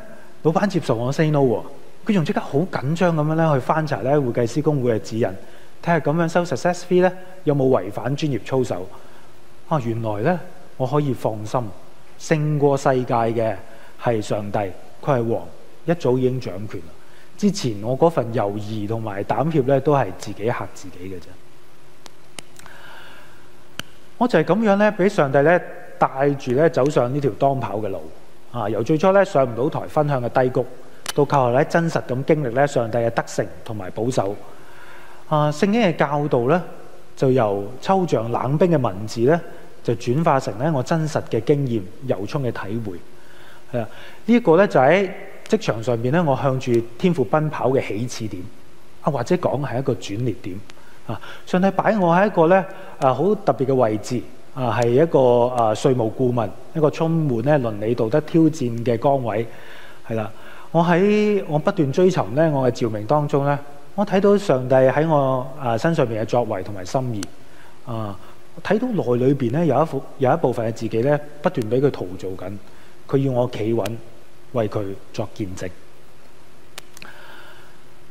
老闆接受我 say no 喎。佢仲即刻好緊張咁樣咧去翻查咧會計師公會嘅指引，睇下咁樣收 success fee 咧有冇違反專業操守啊。原來咧我可以放心。勝過世界嘅係上帝，佢係王，一早已經掌權了。之前我嗰份猶豫同埋膽怯咧，都係自己嚇自己嘅啫。我就係咁樣咧，俾上帝咧帶住咧走上呢條當跑嘅路啊！由最初咧上唔到台分享嘅低谷，到後來咧真實咁經歷咧上帝嘅得勝同埋保守啊！聖經嘅教導咧，就由抽象冷冰嘅文字咧，就轉化成咧我真實嘅經驗、由衷嘅體會，係啦。呢、這、一個咧就喺職場上邊咧，我向住天父奔跑嘅起始點啊，或者講係一個轉捩點啊。上帝擺我喺一個咧啊好特別嘅位置啊，係一個啊稅務顧問，一個充滿咧倫理道德挑戰嘅崗位，係啦。我喺我不斷追尋咧我嘅召命當中咧，我睇到上帝喺我啊身上邊嘅作為同埋心意啊。睇到內裏邊咧，有一幅有一部分嘅自己咧，不斷俾佢陶造緊。佢要我企穩，為佢作見證。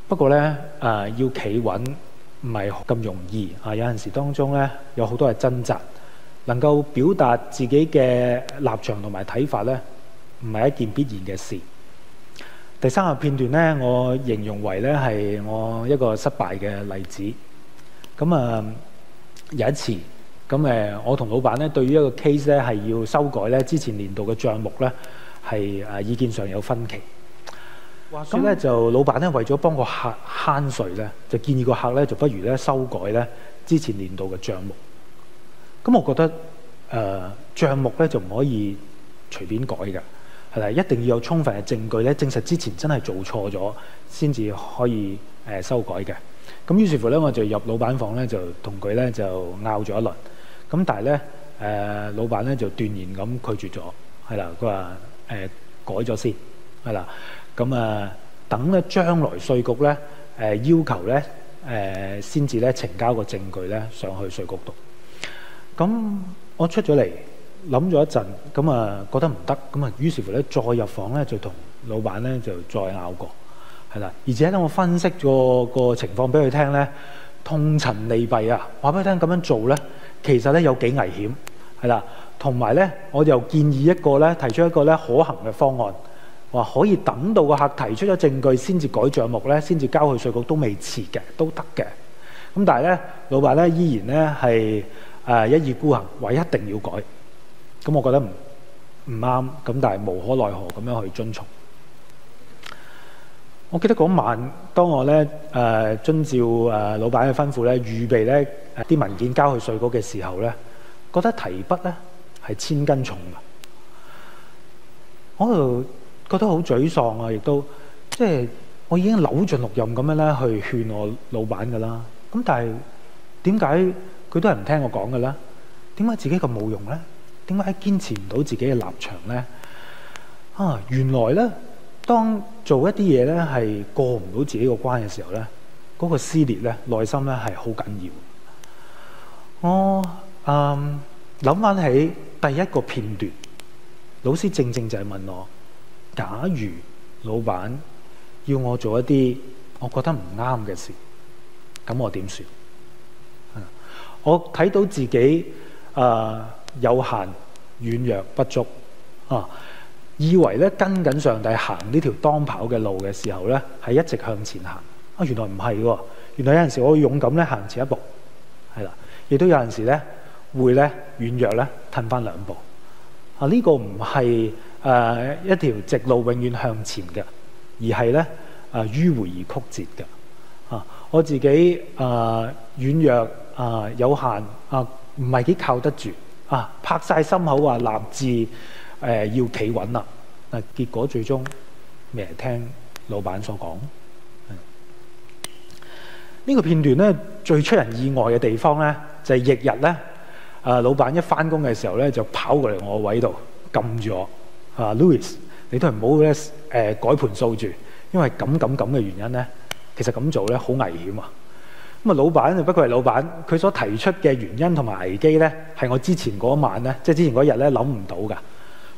不過咧，誒、呃、要企穩唔係咁容易啊！有陣時當中咧，有好多係掙扎，能夠表達自己嘅立場同埋睇法咧，唔係一件必然嘅事。第三個片段咧，我形容為咧係我一個失敗嘅例子。咁啊、呃，有一次。咁誒，我同老闆咧對於一個 case 咧係要修改咧之前年度嘅帳目咧，係誒意見上有分歧。咁咧就老闆咧為咗幫個客慳稅咧，就建議個客咧就不如咧修改咧之前年度嘅帳目。咁我覺得誒、呃、帳目咧就唔可以隨便改㗎，係咪？一定要有充分嘅證據咧，證實之前真係做錯咗，先至可以誒、呃、修改嘅。咁於是乎咧，我就入老闆房咧就同佢咧就拗咗一輪。咁但係咧，誒老闆咧就斷然咁拒絕咗，係啦。佢話誒改咗先，係啦。咁啊，等咧將來稅局咧誒要求咧誒先至咧呈交個證據咧上去稅局度。咁我出咗嚟諗咗一陣，咁啊覺得唔得，咁啊於是乎咧再入房咧就同老闆咧就再拗過係啦，而且咧我分析咗個情況俾佢聽咧，痛陳利弊啊，話俾佢聽咁樣做咧。其實咧有幾危險，係啦，同埋咧，我又建議一個咧，提出一個咧可行嘅方案，話可以等到個客提出咗證據先至改帳目咧，先至交去稅局都未遲嘅，都得嘅。咁但係咧，老闆咧依然咧係誒一意孤行，話一定要改。咁我覺得唔唔啱，咁但係無可奈何咁樣去遵從。我記得嗰晚，當我咧誒、呃、遵照誒老闆嘅吩咐咧，預備咧啲、呃、文件交去稅局嘅時候咧，覺得提筆咧係千斤重嘅，我喺度覺得好沮喪啊！亦都即係、就是、我已經扭盡六壬咁樣咧，去勸我老闆嘅啦。咁但係點解佢都係唔聽我講嘅咧？點解自己咁冇用咧？點解堅持唔到自己嘅立場咧？啊，原來咧～當做一啲嘢咧係過唔到自己個關嘅時候咧，嗰、嗰個撕裂咧，內心咧係好緊要的。我諗翻、嗯、起第一個片段，老師正正就係問我：假如老闆要我做一啲我覺得唔啱嘅事，咁我點算？我睇到自己誒、呃、有限、軟弱、不足啊。以為咧跟緊上帝行呢條當跑嘅路嘅時候咧，係一直向前行。啊，原來唔係喎！原來有陣時我會勇敢咧行前一步，係啦，亦都有陣時咧會咧軟弱咧褪翻兩步。啊，呢、呢個唔係、呃、一條直路永遠向前嘅，而係咧、呃、迂迴而曲折嘅。啊，我自己誒軟、呃、弱啊、呃，有限啊，唔係幾靠得住啊，拍晒心口話立志。誒、呃、要企穩啦，嗱結果最終咩？聽老闆所講呢、嗯呢個片段咧，最出人意外嘅地方咧，就係翌日咧，啊、呃、老闆一翻工嘅時候咧，就跑過嚟我位度撳住我啊，Louis，你都係唔好咧誒改盤數住，因為咁、咁、咁嘅原因咧，其實咁做咧好危險啊。咁、嗯、啊，老闆不過係老闆，佢所提出嘅原因同埋危機咧，係我之前嗰晚咧，即、就、係、是、之前嗰日咧諗唔到㗎。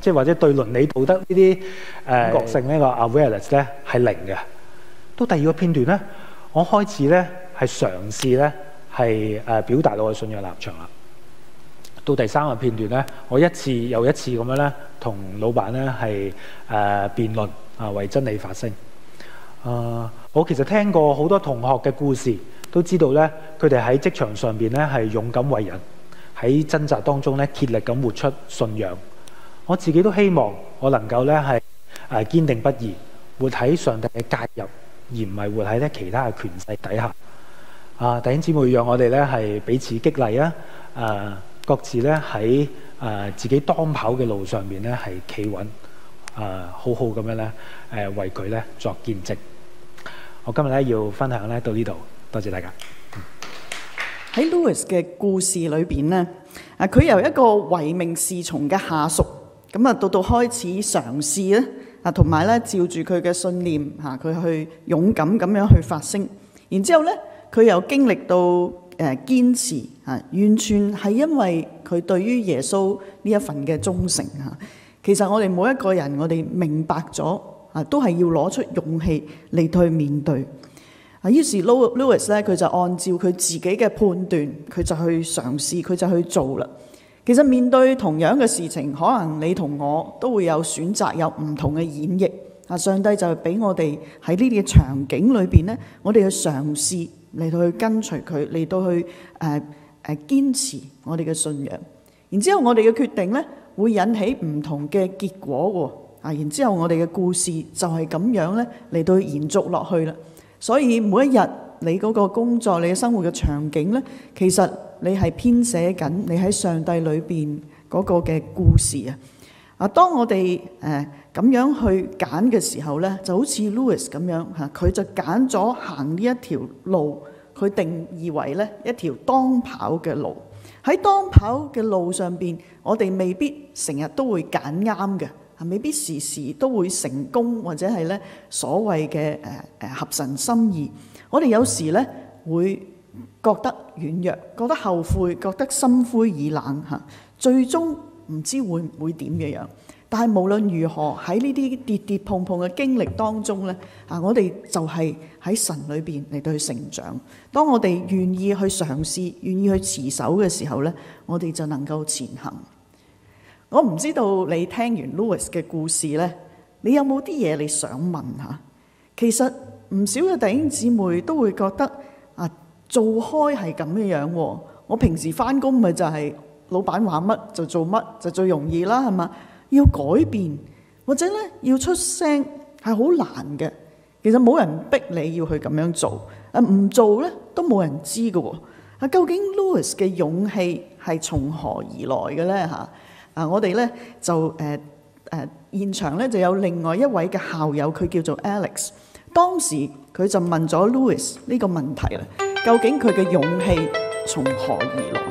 即係或者對倫理道德呢啲誒覺性呢個 awareness 咧係零嘅。到第二個片段咧，我開始咧係嘗試咧係誒表達到我嘅信仰立場啦。到第三個片段咧，我一次又一次咁樣咧同老闆咧係誒辯論啊，為真理發聲。誒，我其實聽過好多同學嘅故事，都知道咧佢哋喺職場上邊咧係勇敢為人，喺掙扎當中咧竭力咁活出信仰。我自己都希望我能夠咧係誒堅定不移，活喺上帝嘅介入，而唔係活喺咧其他嘅權勢底下。啊，弟兄姊妹，讓我哋咧係彼此激勵啊！誒，各自咧喺誒自己當跑嘅路上面咧係企穩，誒、啊，好好咁樣咧誒為佢咧作見證。我今日咧要分享咧到呢度，多謝大家。喺 Louis 嘅故事裏邊咧，啊，佢由一個唯命是從嘅下屬。咁啊，到到開始嘗試咧，啊，同埋咧，照住佢嘅信念嚇，佢去勇敢咁樣去發聲。然之後咧，佢又經歷到誒堅持嚇，完全係因為佢對於耶穌呢一份嘅忠誠嚇。其實我哋每一個人，我哋明白咗啊，都係要攞出勇氣嚟去面對。啊，於是 Louis Louis 咧，佢就按照佢自己嘅判斷，佢就去嘗試，佢就去做啦。其實面對同樣嘅事情，可能你同我都會有選擇，有唔同嘅演繹。啊，上帝就係俾我哋喺呢啲嘅場景裏邊呢，我哋去嘗試嚟到去跟隨佢，嚟到去誒誒堅持我哋嘅信仰。然之後我哋嘅決定呢，會引起唔同嘅結果喎。啊，然之後我哋嘅故事就係咁樣咧嚟到延續落去啦。所以每一日你嗰個工作、你嘅生活嘅場景咧，其實～你係編寫緊你喺上帝裏邊嗰個嘅故事啊！啊，當我哋誒咁樣去揀嘅時候呢，就好似 Louis 咁樣嚇，佢就揀咗行呢一條路，佢定義為呢一條當跑嘅路。喺當跑嘅路上邊，我哋未必成日都會揀啱嘅，啊，未必時時都會成功或者係呢所謂嘅誒誒合神心意。我哋有時呢會，覺得軟弱，覺得後悔，覺得心灰意冷嚇，最終唔知會會點嘅樣。但係無論如何喺呢啲跌跌碰碰嘅經歷當中呢，啊，我哋就係喺神裏邊嚟到去成長。當我哋願意去嘗試，願意去持守嘅時候呢，我哋就能夠前行。我唔知道你聽完 Louis 嘅故事呢，你有冇啲嘢你想問嚇？其實唔少嘅弟兄姊妹都會覺得。做開係咁嘅樣喎。我平時返工咪就係老闆話乜就做乜，就最容易啦，係嘛？要改變或者咧要出聲係好難嘅。其實冇人逼你要去咁樣做啊，唔做咧都冇人知㗎喎。啊，究竟 Louis 嘅勇氣係從何而來嘅咧？吓，啊！我哋咧就誒誒、呃呃、現場咧就有另外一位嘅校友，佢叫做 Alex。當時佢就問咗 Louis 呢個問題啦。究竟佢嘅勇氣從何而來？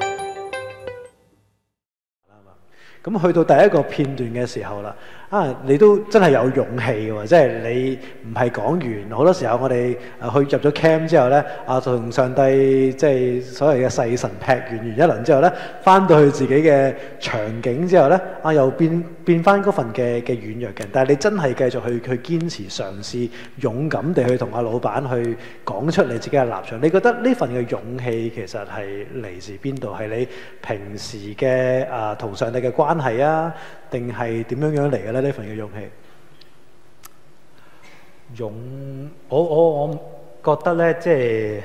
咁去到第一個片段嘅時候喇。啊！你都真係有勇氣喎，即係你唔係講完好多時候我，我、啊、哋去入咗 cam 之後咧，啊同上帝即係所謂嘅細神劈完完一輪之後咧，翻到去自己嘅場景之後咧，啊又變變翻嗰份嘅嘅軟弱嘅。但係你真係繼續去去堅持嘗試，嘗試勇敢地去同阿老闆去講出你自己嘅立場。你覺得呢份嘅勇氣其實係嚟自邊度？係你平時嘅同、啊、上帝嘅關係啊？定係點樣樣嚟嘅咧？呢份嘅勇氣，勇我我我覺得咧，即係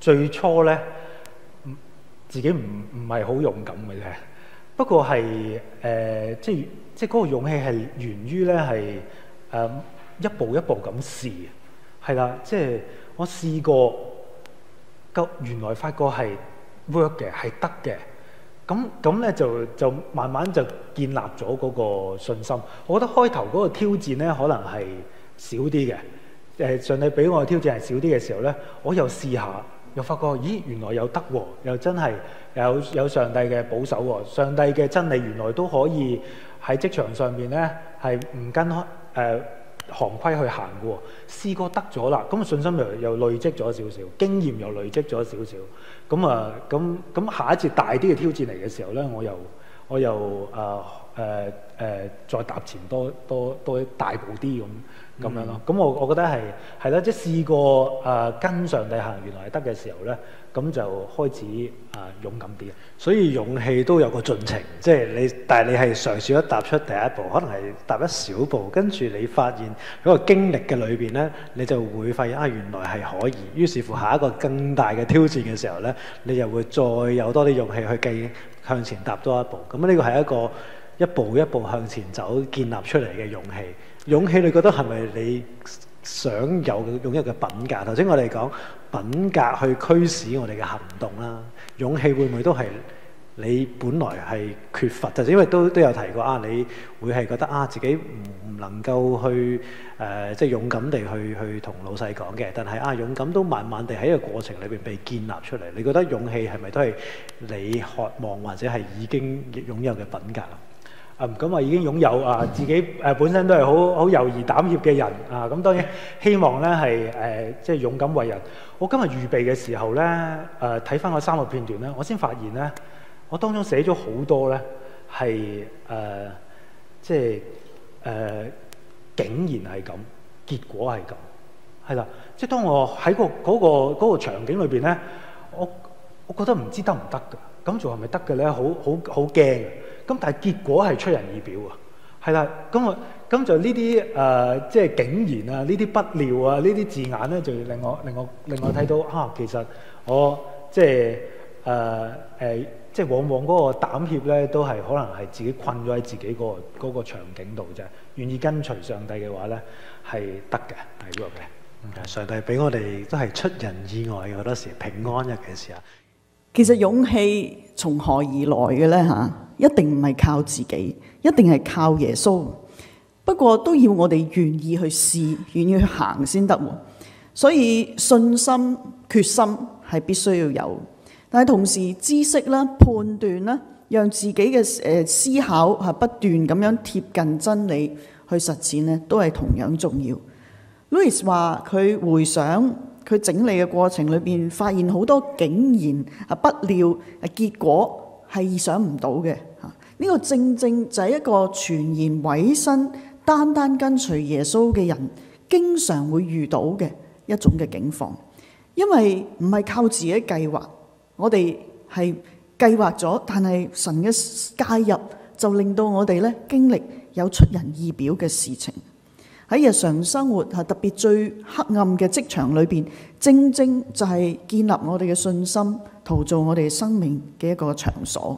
最初咧，自己唔唔係好勇敢嘅啫。不過係誒，即係即係嗰個勇氣係源於咧係誒一步一步咁試，係啦，即係我試過，咁原來發覺係 work 嘅，係得嘅。咁咁咧就就慢慢就建立咗嗰個信心。我覺得開頭嗰個挑戰咧可能係少啲嘅，誒上帝俾我挑戰係少啲嘅時候咧，我又試下，又發覺咦原來有得喎、哦，又真係有有上帝嘅保守喎、哦，上帝嘅真理原來都可以喺職場上邊咧係唔跟誒、呃、行規去行喎、哦。試過得咗啦，咁信心又又累積咗少少，經驗又累積咗少少。咁啊，咁咁下一次大啲嘅挑戰嚟嘅時候咧，我又。我又誒誒誒再踏前多多多一大步啲咁咁樣咯，咁、mm -hmm. 我我覺得係係啦，即係試過誒、呃、跟上帝行原來係得嘅時候咧，咁就開始啊、呃、勇敢啲，所以勇氣都有個進程，即係你但係你係嘗試一踏出第一步，可能係踏一小步，跟住你發現嗰個經歷嘅裏邊咧，你就會發現啊原來係可以，於是乎下一個更大嘅挑戰嘅時候咧，你就會再有多啲勇氣去嘅。向前踏多一步，咁呢個係一個一步一步向前走建立出嚟嘅勇氣。勇氣你覺得係咪你想有嘅咁一個品格？頭先我哋講品格去驅使我哋嘅行動啦，勇氣會唔會都係？你本來係缺乏，就因為都都有提過啊，你會係覺得啊，自己唔唔能夠去誒，即係、呃就是、勇敢地去去同老細講嘅。但係啊，勇敢都慢慢地喺個過程裏面被建立出嚟。你覺得勇氣係咪都係你渴望或者係已經擁有嘅品格啊？咁、嗯、我已經擁有啊，自己、啊、本身都係好好猶豫膽怯嘅人啊。咁當然希望咧係誒即係勇敢為人。我今日預備嘅時候咧，睇翻個三個片段咧，我先發現咧。我當中寫咗好多咧，係誒、呃，即係誒、呃，竟然係咁，結果係咁，係啦，即係當我喺個嗰個嗰個場景裏邊咧，我我覺得唔知得唔得嘅，咁仲係咪得嘅咧？好好好驚，咁但係結果係出人意表喎、呃、啊。係啦，咁啊，咁就呢啲誒，即係竟然啊，呢啲不料啊，呢啲字眼咧，就令我令我令我睇到、嗯、啊，其實我即係誒誒。呃呃即係往往嗰個膽怯咧，都係可能係自己困咗喺自己嗰個嗰個場景度啫。願意跟隨上帝嘅話咧，係得嘅，係係喎嘅。上帝俾我哋都係出人意外嘅好多時平安啊嘅時候。其實勇氣從何而來嘅咧吓，一定唔係靠自己，一定係靠耶穌。不過都要我哋願意去試，願意去行先得。所以信心、決心係必須要有。但係同時，知識啦、判斷啦，讓自己嘅誒思考嚇不斷咁樣貼近真理去實踐呢，都係同樣重要。Louis 話：佢回想佢整理嘅過程裏邊，發現好多竟然啊不料啊結果係意想唔到嘅嚇。呢、這個正正就係一個全然委身單單跟隨耶穌嘅人經常會遇到嘅一種嘅境況，因為唔係靠自己計劃。我哋係計劃咗，但係神嘅介入就令到我哋咧經歷有出人意表嘅事情。喺日常生活係特別最黑暗嘅職場裏邊，正正就係建立我哋嘅信心，陶造我哋生命嘅一個場所。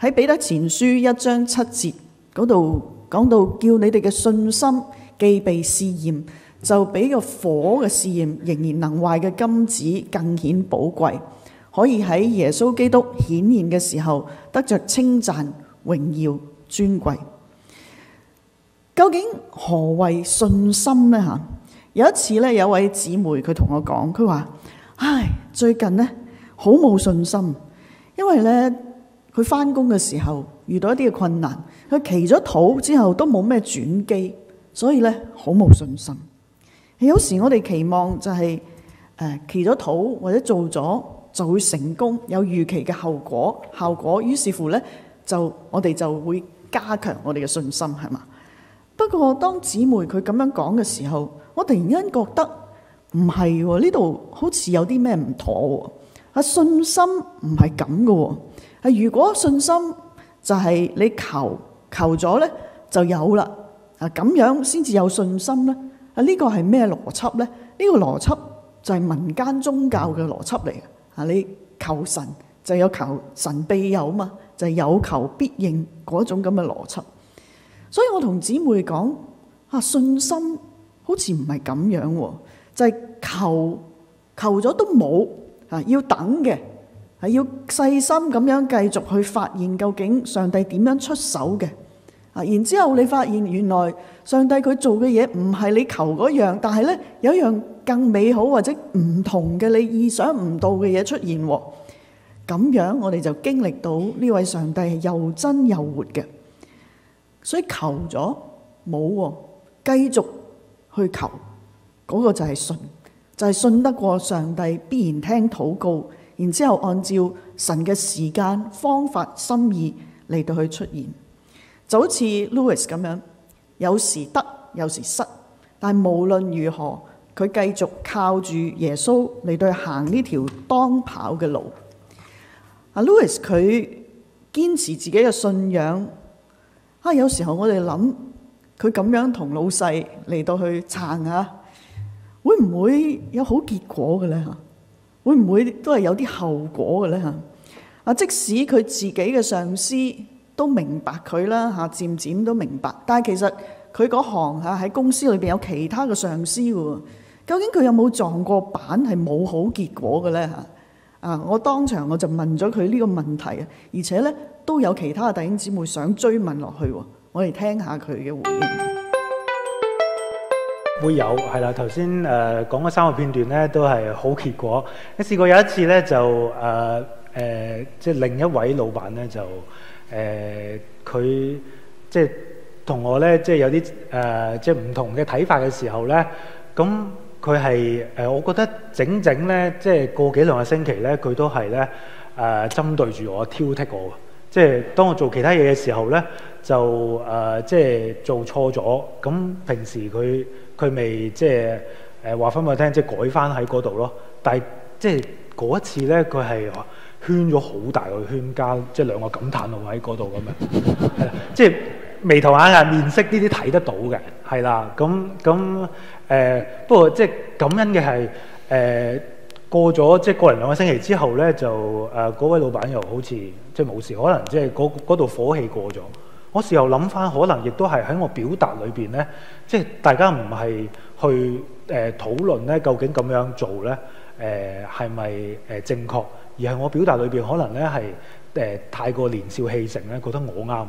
喺彼得前書一章七節嗰度講到，叫你哋嘅信心既被試驗，就比個火嘅試驗仍然能壞嘅金子更顯寶貴。可以喺耶穌基督顯現嘅時候得着稱讚、榮耀、尊貴。究竟何為信心呢？嚇，有一次咧，有位姊妹佢同我講，佢話：唉，最近呢，好冇信心，因為咧佢翻工嘅時候遇到一啲嘅困難，佢祈咗禱之後都冇咩轉機，所以咧好冇信心。有時我哋期望就係誒祈咗禱或者做咗。就會成功，有預期嘅後果，效果於是乎呢，就我哋就會加強我哋嘅信心，係嘛？不過當姊妹佢咁樣講嘅時候，我突然間覺得唔係喎，呢度、哦、好似有啲咩唔妥喎。啊，信心唔係咁嘅喎。如果信心就係你求求咗呢就有啦。啊，咁樣先至有信心呢。啊，呢個係咩邏輯呢？呢、呢個邏輯就係民間宗教嘅邏輯嚟嘅。啊！你求神就有求神庇佑嘛，就係有求必應嗰種咁嘅邏輯。所以我同姊妹講：嚇信心好似唔係咁樣，就係、是、求求咗都冇嚇，要等嘅係要細心咁樣繼續去發現究竟上帝點樣出手嘅啊。然之後你發現原來。上帝佢做嘅嘢唔係你求嗰樣，但係咧有一樣更美好或者唔同嘅你意想唔到嘅嘢出現咁樣，我哋就經歷到呢位上帝係又真又活嘅。所以求咗冇、哦、繼續去求嗰、嗰個就係信，就係、係、信得過上帝必然聽禱告，然之後按照神嘅時間方法心意嚟到去出現，就好似 Louis 咁樣。有時得，有時失，但係無論如何，佢繼續靠住耶穌嚟到去行呢條當跑嘅路。Louis 佢堅持自己嘅信仰。啊，有時候我哋諗，佢咁樣同老細嚟到去撐下，會唔會有好結果嘅咧？吓，會唔會都係有啲後果嘅咧？吓，即使佢自己嘅上司。都明白佢啦嚇，漸漸都明白。但係其實佢嗰行嚇，喺公司裏邊有其他嘅上司喎，究竟佢有冇撞過板係冇好結果嘅咧嚇啊！我當場我就問咗佢呢個問題啊，而且咧都有其他嘅弟兄姊妹想追問落去喎，我嚟聽下佢嘅回應。會有係啦，頭先誒講咗三個片段咧都係好結果。我試過有一次咧就誒誒、呃呃，即係另一位老闆咧就。誒佢即係同我咧，即係有啲誒、呃、即係唔同嘅睇法嘅時候咧，咁佢係誒，我覺得整整咧，即係過幾兩個星期咧，佢都係咧誒針對住我挑剔我嘅。即係當我做其他嘢嘅時候咧，就誒、呃、即係做錯咗，咁平時佢佢未即係誒話翻俾我聽，即係改翻喺嗰度咯。但係即係嗰一次咧，佢係。圈咗好大個圈，加即係兩個感嘆號喺嗰度咁樣，即係眉頭眼啊、面色呢啲睇得到嘅，係啦。咁咁誒，不過即係感恩嘅係誒過咗，即係過嚟兩個星期之後咧，就誒嗰、呃、位老闆又好似即係冇事，可能即係嗰度火氣過咗。我時候諗返，可能亦都係喺我表達裏邊咧，即係大家唔係去誒討論咧，究竟咁樣做咧誒係咪誒正確？而係我表達裏邊可能咧係誒太過年少氣盛咧，覺得我啱啊，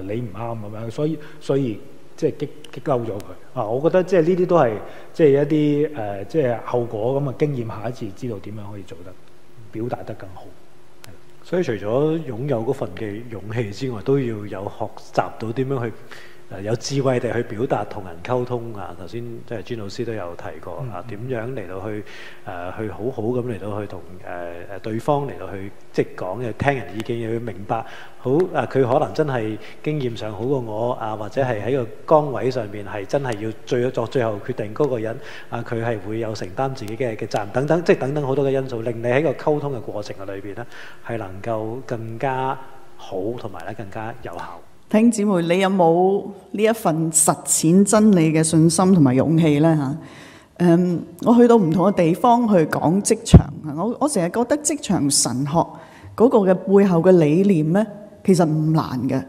你唔啱咁樣，所以所以即係激激嬲咗佢啊！我覺得即係呢啲都係即係一啲誒、呃、即係後果咁嘅經驗，下一次知道點樣可以做得表達得更好。係。所以除咗擁有嗰份嘅勇氣之外，都要有學習到點樣去。誒有智慧地去表達同人溝通啊！頭先即係朱老師都有提過啊，點、嗯、樣嚟到去誒、啊、去好好咁嚟到去同誒誒對方嚟到去即係、就是、講嘅聽人意見，要去明白好啊！佢可能真係經驗上好過我啊，或者係喺個崗位上面係真係要最作最後決定嗰個人啊，佢係會有承擔自己嘅嘅責任等等，即、就、係、是、等等好多嘅因素令你喺個溝通嘅過程嘅裏邊咧，係能夠更加好同埋咧更加有效。兄姐妹，你有冇呢一份實踐真理嘅信心同埋勇氣呢？吓、um,，我去到唔同嘅地方去講職場，我我成日覺得職場神學嗰個嘅背後嘅理念呢，其實唔難嘅，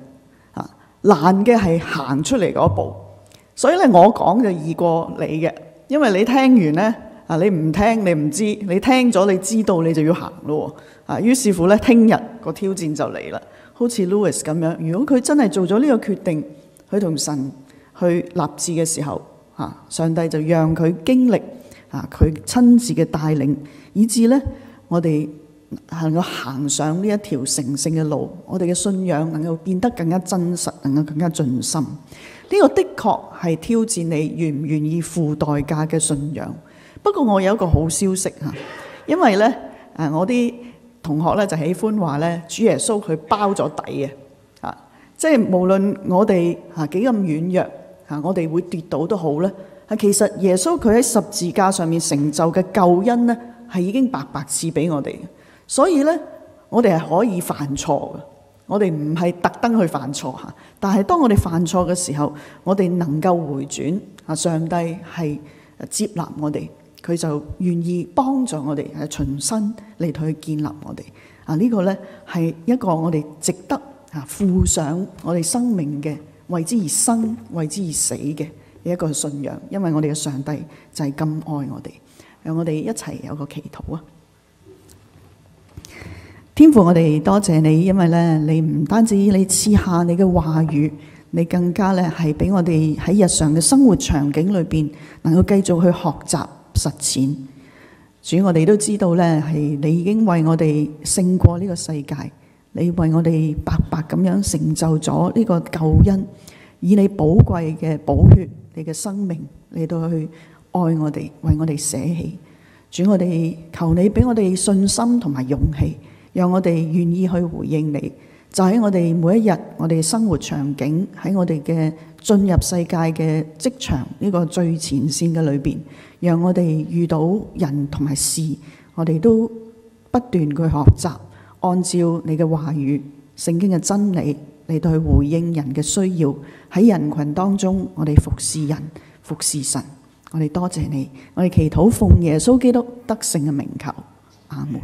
吓難嘅係行出嚟嗰步。所以咧，我講就易過你嘅，因為你聽完呢，啊，你唔聽你唔知，你聽咗你知道，你就要行咯，啊，於是乎呢，聽日個挑戰就嚟啦。好似 Louis 咁樣，如果佢真係做咗呢個決定，佢同神去立志嘅時候吓，上帝就讓佢經歷佢親自嘅帶領，以至呢，我哋能夠行上呢一條成聖嘅路，我哋嘅信仰能夠變得更加真實，能夠更加盡心。呢、這個的確係挑戰你願唔願意付代價嘅信仰。不過我有一個好消息吓，因為呢，我啲。同學咧就喜歡話咧，主耶穌佢包咗底嘅，啊，即係無論我哋啊幾咁軟弱，啊，我哋會跌倒都好咧，係其實耶穌佢喺十字架上面成就嘅救恩呢，係已經白白賜俾我哋。所以咧，我哋係可以犯錯嘅，我哋唔係特登去犯錯嚇，但係當我哋犯錯嘅時候，我哋能夠回轉，啊，上帝係接納我哋。佢就願意幫助我哋，係重新嚟去建立我哋啊。這個、呢個咧係一個我哋值得啊，附上我哋生命嘅為之而生、為之而死嘅一個信仰。因為我哋嘅上帝就係咁愛我哋，讓、啊、我哋一齊有個祈禱啊！天父我，我哋多謝你，因為咧，你唔單止你賜下你嘅話語，你更加咧係俾我哋喺日常嘅生活場景裏邊能夠繼續去學習。實踐主，我哋都知道呢係你已經為我哋勝過呢個世界，你為我哋白白咁樣成就咗呢個救恩，以你寶貴嘅寶血，你嘅生命嚟到去愛我哋，為我哋捨棄。主，我哋求你俾我哋信心同埋勇氣，讓我哋願意去回應你。就喺我哋每一日，我哋生活場景喺我哋嘅進入世界嘅職場呢個最前線嘅裏邊。讓我哋遇到人同埋事，我哋都不斷去學習，按照你嘅話語、聖經嘅真理嚟對去回應人嘅需要。喺人群當中，我哋服侍人、服侍神。我哋多謝你，我哋祈禱奉耶穌基督得勝嘅名求，阿門。